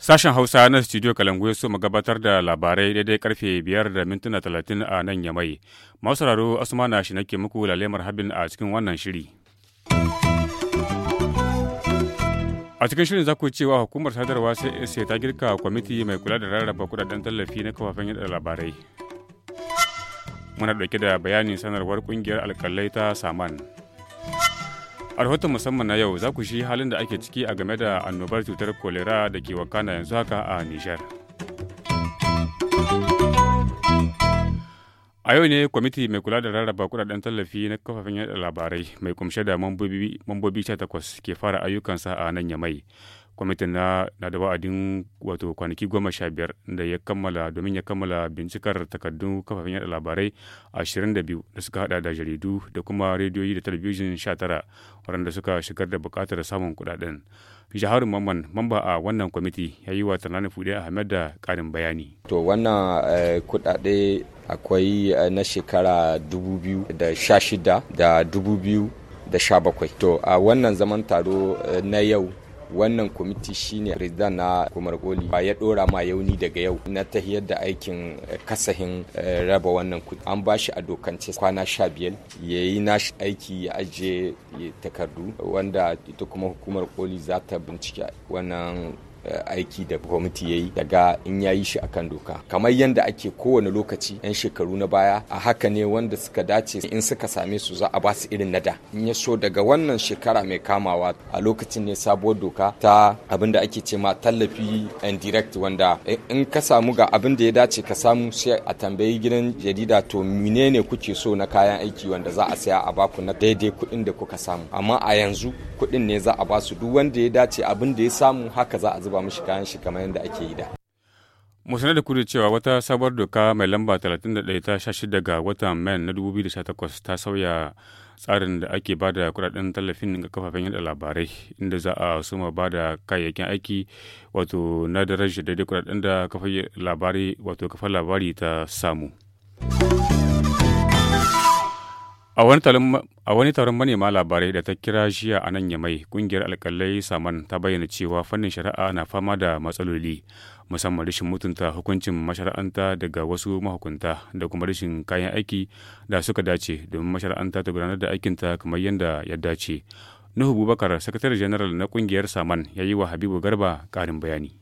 Sashen Hausa na studio Kalangu ya so mu gabatar da labarai daidai karfe biyar da mintuna talatin a nan yamai. Masu raro asuma na shi nake muku lalemar habin a cikin wannan shiri. a cikin shirin za ku cewa hukumar sadarwa sai ta girka kwamiti mai kula da rarraba kudaden tallafi na kafafen yada labarai muna dauke da bayanin sanarwar kungiyar alkalai ta saman a rahoton musamman na yau za ku shi halin da ake ciki a game da annobar cutar kolera da ke wakana yanzu haka a nijar a yau ne kwamiti mai kula da rarraba kudaden tallafi na kafafen yada labarai mai kumshe da mambobi takwas ke fara ayyukansa a nan yamai kwamitin na da wa'adin wato kwanaki goma sha biyar da ya kammala domin ya kammala bincikar takardun kafafen yada labarai ashirin da biyu da suka hada da jaridu da kuma rediyoyi da talabijin sha tara waɗanda suka shigar da bukatar samun kudaden Shaharu Mamman mamba a wannan kwamiti ya yi wa Tanani Fude Ahmed da ƙarin bayani. To wannan eh, kuɗaɗe akwai eh, na shekara 2016 da sha bakwai. To a wannan zaman taro eh, na yau wannan kwamiti shine president na hukumar koli ya dora ma yauni daga yau na ta da aikin eh, kasahin eh, raba wannan kudi an ba shi a dokance kwana sha biyar ya yi nashi aiki ya ajiye takardu wanda ita kuma hukumar koli za ta bincike wannan Eh, aiki da kwamiti ya yi daga in ya yi shi a kan doka kamar yadda ake kowane lokaci 'yan shekaru na baya a haka ne wanda suka dace in suka same su za a ba su irin nada in ya so daga wannan shekara mai kamawa a lokacin ne sabuwar doka ta abin da ake ce ma tallafi and direct wanda eh, in ka samu ga abin da ya dace ka samu sai a tambayi gidan jarida to menene kuke so na kayan aiki wanda za a saya a baku na daidai kuɗin da kuka samu amma a yanzu kuɗin ne za a ba su duk wanda ya dace abin da ya samu haka za a zuba mishi kayan shi kamar yadda ake yi da. mu sanar da kudu cewa wata sabuwar doka mai lamba 31 ta 16 ga watan man na 2018 ta sauya tsarin da ake ba da kudaden tallafin ga kafafen yada labarai inda za a suma ba da kayayyakin aiki wato na darajar daidai kudaden da kafafen wato kafar labari ta samu. A wani taron manema labarai da ta kira jiya a nan Yamai, kungiyar alkalai Saman ta bayyana cewa fannin shari'a na fama da matsaloli, musamman rashin mutunta hukuncin mashara'anta daga wasu mahukunta da kuma rashin kayan aiki da suka dace domin mashara'anta ta gudanar da aikinta kamar yadda ya dace. Nuhu Bubakar, sakatare janaral na kungiyar Saman, ya yi wa Habibu Garba ƙarin bayani.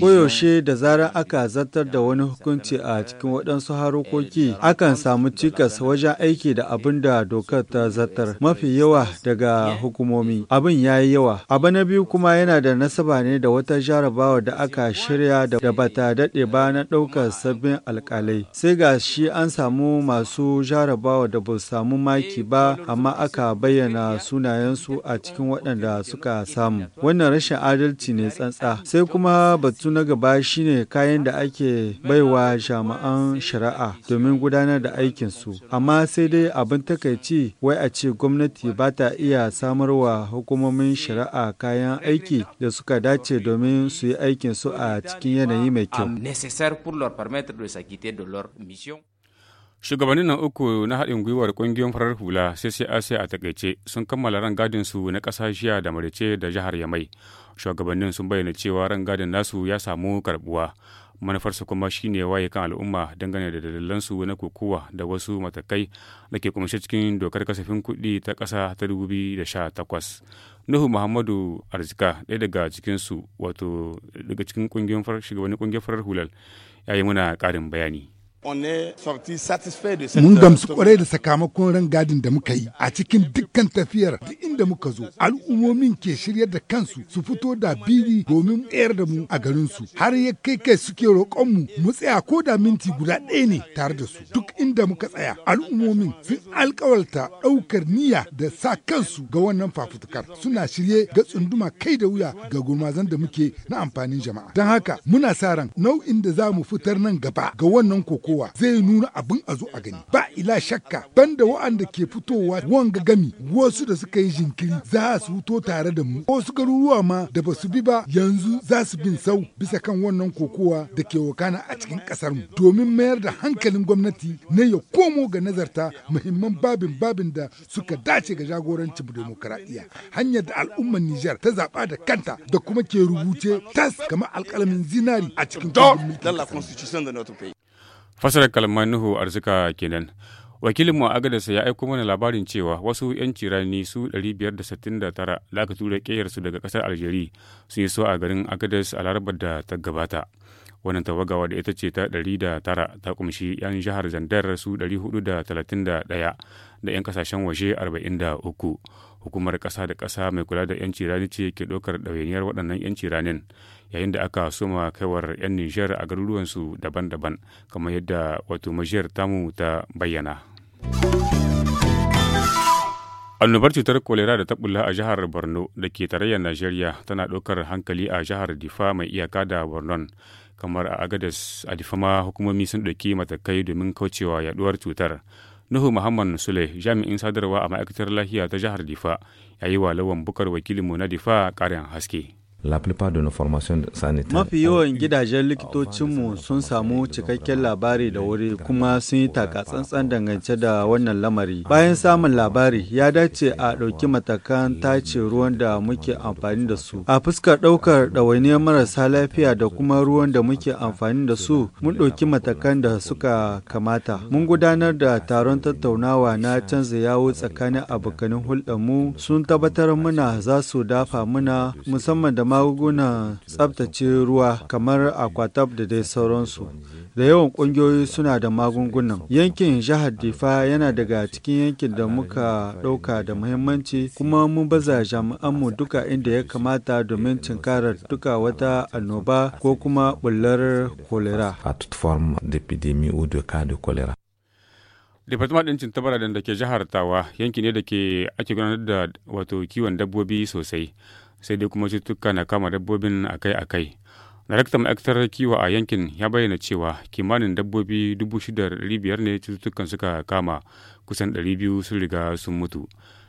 Koyaushe da zarar aka zartar da wani hukunci a cikin waɗansu harokoki akan samu cikas wajen aiki da abin da dokar ta zartar mafi yawa daga hukumomi. Abin ya yi yawa. Abu na biyu kuma yana da nasaba ne da wata jarabawa da aka shirya da bata daɗe ba na ɗaukar sabbin alƙalai. Sai ga shi an samu masu jarabawa da ba samu maki ba amma aka bayyana sunayensu a cikin waɗanda suka samu. Wannan rashin adalci ne tsantsa sai kuma batu na gaba shine kayan da ake baiwa jami'an shari'a domin gudanar da aikin su amma sai dai abin takaici wai a ce gwamnati ba ta iya samarwa hukumomin shari'a kayan aiki da suka dace domin su yi su a cikin yanayi mai kyau Shugabannin nan uku na haɗin gwiwar ƙungiyoyin farar hula CCAC a takaice sun kammala rangadin su na ƙasa jiya da Marice da jihar Yamai. Shugabannin sun bayyana cewa rangadin nasu ya samu karbuwa. Manufarsa kuma shine waye kan al'umma dangane da dalilan su na kokowa da wasu matakai da ke kumshe cikin dokar kasafin kuɗi ta ƙasa ta 2018. Nuhu Muhammadu Arzika ɗaya daga su wato daga cikin shugabannin ƙungiyar farar hular ya yi muna ƙarin bayani. Mun euh, gamsu kwarai da sakamakon rangadin da muka yi a cikin dukkan tafiyar da inda muka zo. Al'ummomin ke shiryar da kansu su fito da biri domin tsayar da mu a garinsu. Har ya kai kai suke roƙonmu mu tsaya ko da minti guda ɗaya ne tare da su. Duk inda muka tsaya al'ummomin sun alkawalta ɗaukar niyya da sa kansu ga wannan fafutukar. Suna shirye ga tsunduma kai da wuya ga gurmazan da muke na amfanin jama'a. Don haka muna sa ran nau'in da za mu fitar nan gaba ga wannan koko kowa zai nuna abin a zo a gani ba ila shakka banda wa'anda ke fitowa wanga gami wasu da suka yi jinkiri za su fito tare da mu wasu garuruwa ma da ba su bi ba yanzu za su bin sau bisa kan wannan kokowa da ke wakana a cikin kasar mu domin mayar da hankalin gwamnati na ya komo ga nazarta muhimman babin babin da suka dace ga jagorancin demokaradiyya hanyar da al'ummar Nijar ta zaba da kanta da kuma ke rubuce tas kamar alkalamin zinari a cikin dans Fasarar kalmar Nuhu arzika kenan. Wakilinmu a ya aiko mana labarin cewa wasu 'yan cirani su 569 da aka tura su daga ƙasar Aljeri sun yi so a garin Agadas a larabar da ta gabata. Wannan tawagawa da ita ce ta 109 ta kumshi 'yan jihar Zandar su 431 da 'yan kasashen waje 43 hukumar ƙasa da ƙasa mai kula da 'yanci rani ce ke ɗaukar ɗawainiyar waɗannan 'yanci ranin yayin da aka soma kaiwar 'yan nijar a garuruwansu daban-daban kamar yadda wato majiyar tamu ta bayyana. annobar cutar kolera da ta a jihar borno da ke tarayyar najeriya tana ɗaukar hankali a jihar difa mai iyaka da borno kamar a agadas a difa hukumomi sun ɗauki matakai domin kaucewa yaɗuwar cutar Nuhu Muhammad Sule jami'in sadarwa a ma'aikatar lafiya ta jihar Difa ya yi wa lawan bukar wakilinmu na Difa ƙarin haske. La plupart de nos formations sanitaires. Mafi yawan gidajen likitocinmu sun samu cikakken labari da wuri kuma sun yi taka-tsantsan dangance da wannan lamari. Bayan samun labari ya dace a ɗauki matakan tace ruwan da muke amfani da su. A fuskar ɗaukar ɗawainiyar marasa lafiya da kuma ruwan da muke amfani da su mun ɗauki matakan da suka kamata. Mun gudanar da taron tattaunawa na canza yawo tsakanin abokanin hulɗarmu sun tabbatar muna za su dafa muna musamman da magungunan tsabtace ruwa kamar akwatab da dai sauransu da yawan kungiyoyi suna da magungunan yankin jihar difa yana daga cikin yankin da muka ɗauka da muhimmanci kuma mun baza jami'anmu duka inda ya kamata domin cinkarar duka wata annoba ko kuma bullar kolera departement ɗin tabara da ke jihar tawa yanki ne da ke ake gudanar da wato kiwon dabbobi sosai sai dai kuma cututtuka na kama dabbobin akai-akai. Daraktan ma'aikatar kiwo a yankin ya bayyana cewa kimanin dabbobi 6,500 ne cututtukan suka kama kusan 200 sun riga sun mutu.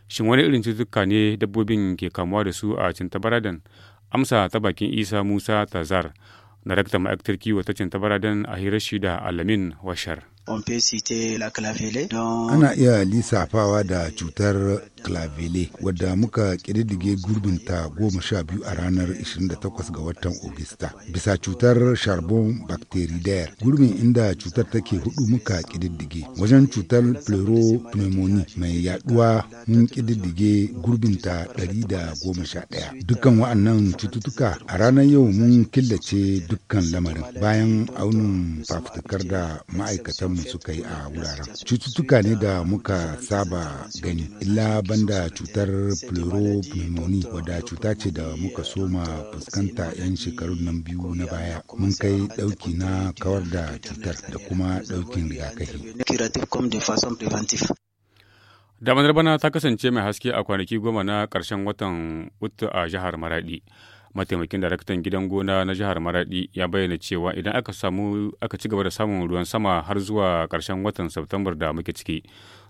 Shin wani irin cututtuka ne dabbobin ke kamuwa da su a Cintabaradan? Amsa ta bakin Isa Musa Tazar, daraktan ma'aikatar kiwo ta Cintabaradan a Hirashida da Alamin Washar. la Ana iya lissafawa da cutar clavele wadda muka ƙididdige gurbinta goma sha biyu a ranar 28 ga watan Ogista. Bisa cutar charbon bacteridaire gurbin inda cutar take hudu muka ƙididdige. Wajen cutar pleuropneumoni mai yaduwa mun ƙididdige gurbinta 111. Dukkan wa'annan cututtuka a ranar yau mun killace dukkan lamarin bayan aunin fafutukar da ma'aikatan namu suka yi a wuraren cututtuka ne da muka saba gani illa banda cutar pleuropneumoni wadda cuta ce da muka soma fuskanta 'yan shekarun nan biyu na baya mun kai ɗauki na kawar da cutar da kuma ɗaukin rigakafi damar bana ta kasance mai haske a kwanaki goma na karshen watan utu a jihar maradi mataimakin daraktan gidan gona na jihar maradi ya bayyana cewa idan aka samu aka ci gaba da samun ruwan sama har zuwa karshen watan september da muke ciki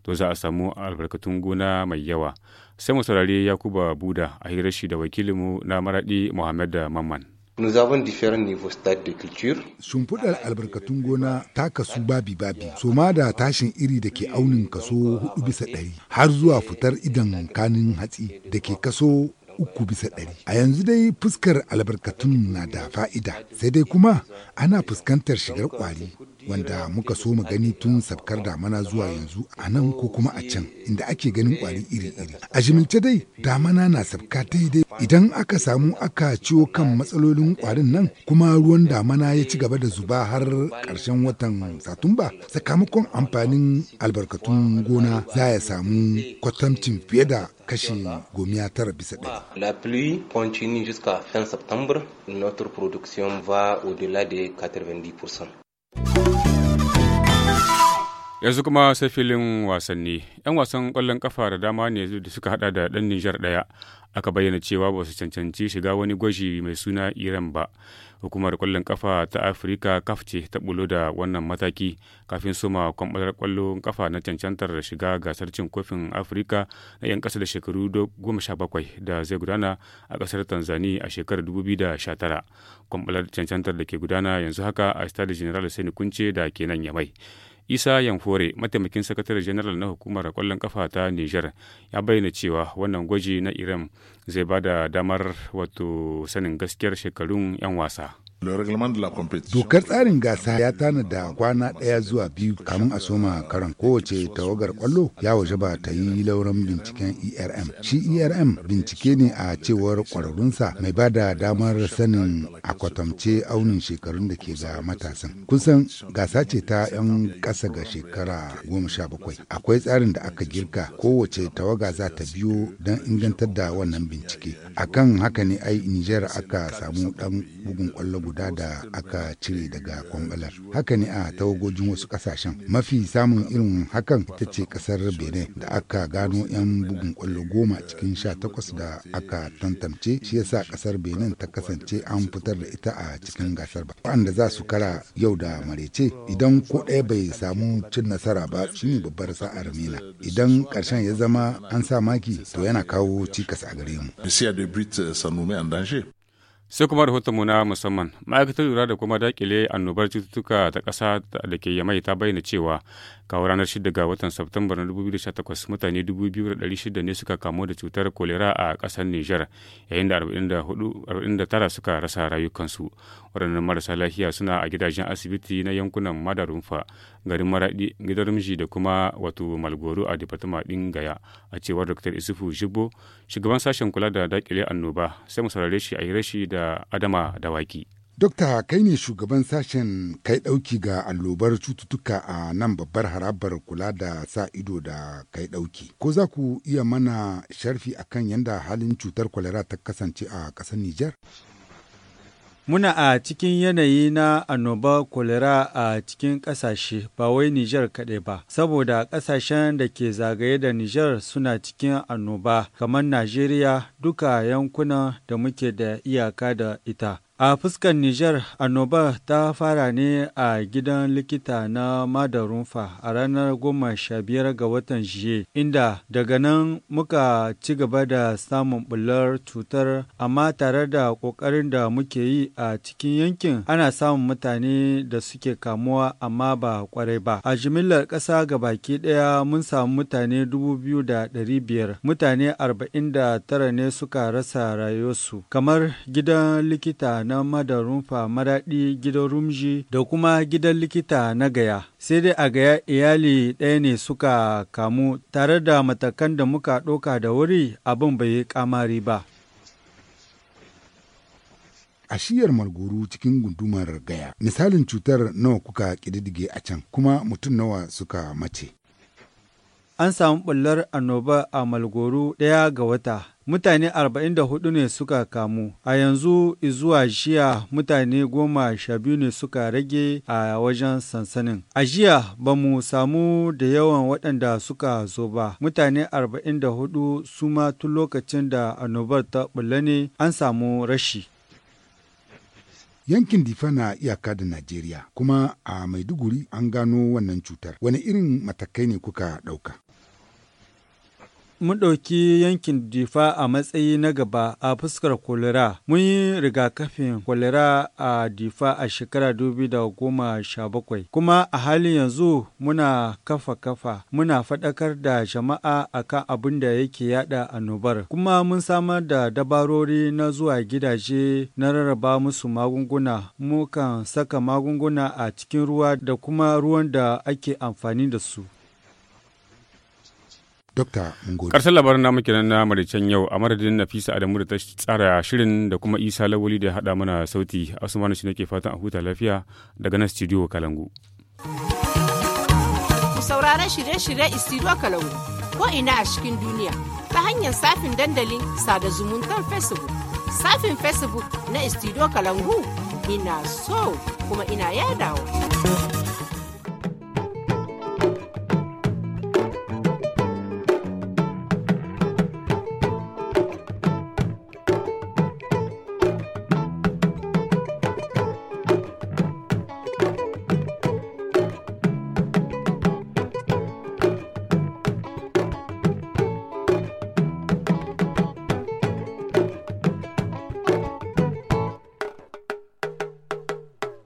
to za a samu albarkatun gona mai yawa sai mu saurari yakuba buda a hirar shi da wakilinmu na maradi muhammad mamman Nous avons différents niveaux stade de culture. Shimfiɗar albarkatun gona ta kasu babi-babi, soma da tashin iri da ke aunin kaso 4 bisa ɗari har zuwa fitar idan kanin hatsi da ke kaso uku bisa ɗari. A yanzu dai fuskar albarkatun na da fa'ida, sai dai kuma ana fuskantar shigar ƙwari wanda muka so mu gani tun sabkar damana zuwa yanzu a nan ko kuma a can inda ake ganin kwari iri-iri a jimilce dai damana na sabka daidai idan aka samu aka ciwo kan matsalolin kwarin nan kuma ruwan damana ya ci gaba da zuba har karshen watan satumba sakamakon amfanin albarkatun gona za ya samu kwatamcin fiye da kashi gomiya tara bisa ɗaya. La pluie continue jusqu'à fin septembre, notre production va au-delà de 90%. yanzu kuma sai filin wasanni yan wasan kwallon kafa da dama ne da suka hada da dan nijar daya aka bayyana cewa ba su cancanci shiga wani gwaji mai suna iran ba hukumar kwallon kafa ta afirka kaf ce ta bulo da wannan mataki kafin suma kwamfatar kwallon kafa na cancantar da shiga gasar cin kofin afirka na 'yan kasa da shekaru bakwai da zai gudana a kasar tanzani a shekarar 2019 kwamfatar cancantar da ke gudana yanzu haka a stade general sani kunce da kenan yamai isa yanfore mataimakin sakatare janaral na hukumar kwallon kafa ta niger ya bayyana cewa wannan gwaji na iran zai ba da damar wato sanin gaskiyar shekarun 'yan wasa Dokar tsarin gasa ya tanada kwana ɗaya zuwa biyu kamun a soma karan kowace tawagar kwallo ya waje ba ta yi lauran binciken ERM. Shi ERM bincike ne a cewar kwararrunsa mai ba da damar sanin a kwatance aunin shekarun da ke ga matasan. Kusan gasa ce ta 'yan ƙasa ga shekara goma sha bakwai. Akwai tsarin da aka girka kowace tawaga za ta biyo don ingantar da wannan bincike. Akan haka ne ai Nijar aka samu ɗan bugun kwallo guda da aka cire daga kwambalar haka ne a tawagogin wasu kasashen mafi samun irin hakan ita ce kasar benin da aka gano 'yan bugun kwallo goma cikin sha takwas da aka tantance shi yasa kasar benin ta kasance an fitar da ita a cikin gasar ba wanda za su kara yau da marece idan ko ɗaya bai samu cin nasara ba shine babbar sa'ar mina idan karshen ya zama an sa maki to yana kawo cikas a gare mu. sai kuma rahotonmu na musamman ma'aikatar lura da kuma dakile annobar cututtuka ta ƙasa da ke yamai ta bayyana cewa kawo ranar 6 ga watan Satumbar na 2018 mutane 2,600 ne suka kamu da cutar kolera a ƙasar Nijar yayin da 49 suka rasa rayukansu. Waɗannan marasa lafiya suna a gidajen asibiti na yankunan Madarunfa, garin Maraɗi, gidan da kuma wato Malgoro a Departama ɗin Gaya a cewar Dr. Isufu Jibo, shugaban sashen kula da dakile annoba sai mu saurare shi a yi rashi da da Adama Dokta kai ne shugaban sashen kai ɗauki ga allobar cututtuka a nan babbar harabar kula da sa ido da kai ɗauki. Ko za ku iya mana sharfi akan yadda halin cutar kwalera ta kasance a ƙasar Nijar? Muna a cikin yanayi na annoba kolera a cikin ƙasashe, ba wai Nijar kaɗai ba, saboda ƙasashen da ke zagaye da Nijar suna cikin annoba, kamar Najeriya duka yankunan da muke da iyaka da ita. A fuskar Nijar, annobar ta fara ne a gidan likita na Madarunfa a ranar goma sha biyar ga watan Jiye, inda daga nan muka ci gaba da samun bular cutar, amma tare da ƙoƙarin da muke yi a cikin yankin ana samun mutane da suke kamuwa amma ba kwarai ba. A jimillar ƙasa ga baki ɗaya mun samu mutane dubu biyu da ɗari biyar, mutane arba'in da tara ne suka rasa rayuwarsu, kamar gidan likita na madarun rumfa maraɗi gidan rumji da kuma gidan likita na gaya sai dai a gaya iyali ɗaya ne suka kamu tare da matakan da muka ɗoka da wuri abin bai yi kamari ba a shiyar marguru cikin gundumar gaya misalin cutar nawa kuka ƙididdige a can kuma mutum nawa suka mace an samu bullar annoba a malgoro ɗaya ga wata mutane 44 ne suka kamu a yanzu zuwa jiya mutane goma sha biyu ne suka rage a wajen sansanin a jiya ba mu samu da yawan waɗanda suka zo ba mutane 44 su ma tun lokacin da annobar ta bulla ne an samu rashi yankin difa na iyaka da najeriya kuma a maiduguri an gano wannan cutar wani irin matakai ne kuka ɗauka mun ɗauki yankin Difa a matsayi na gaba a fuskar kolera. Mun yi rigakafin kolera a Difa a shekara bakwai. Kuma a halin yanzu muna kafa-kafa, muna faɗakar da jama'a akan abin da yake yada annobar. Kuma mun samar da dabarori na zuwa gidaje na rarraba musu magunguna. Mukan saka magunguna a cikin ruwa da kuma ruwan da ake amfani da su. Dokta labaran Karshen labarin namu kenan na Maricen yau a madadin Nafisa Adamu da ta tsara shirin da kuma Isa Lawali da ya haɗa mana sauti Asmanu shi nake fatan a huta lafiya daga na studio Kalangu. Ku sauraron shirye shiryen studio Kalangu ko ina a cikin duniya ta hanyar safin dandalin sada zumuntar Facebook. Safin Facebook na studio Kalangu ina so kuma ina yadawa.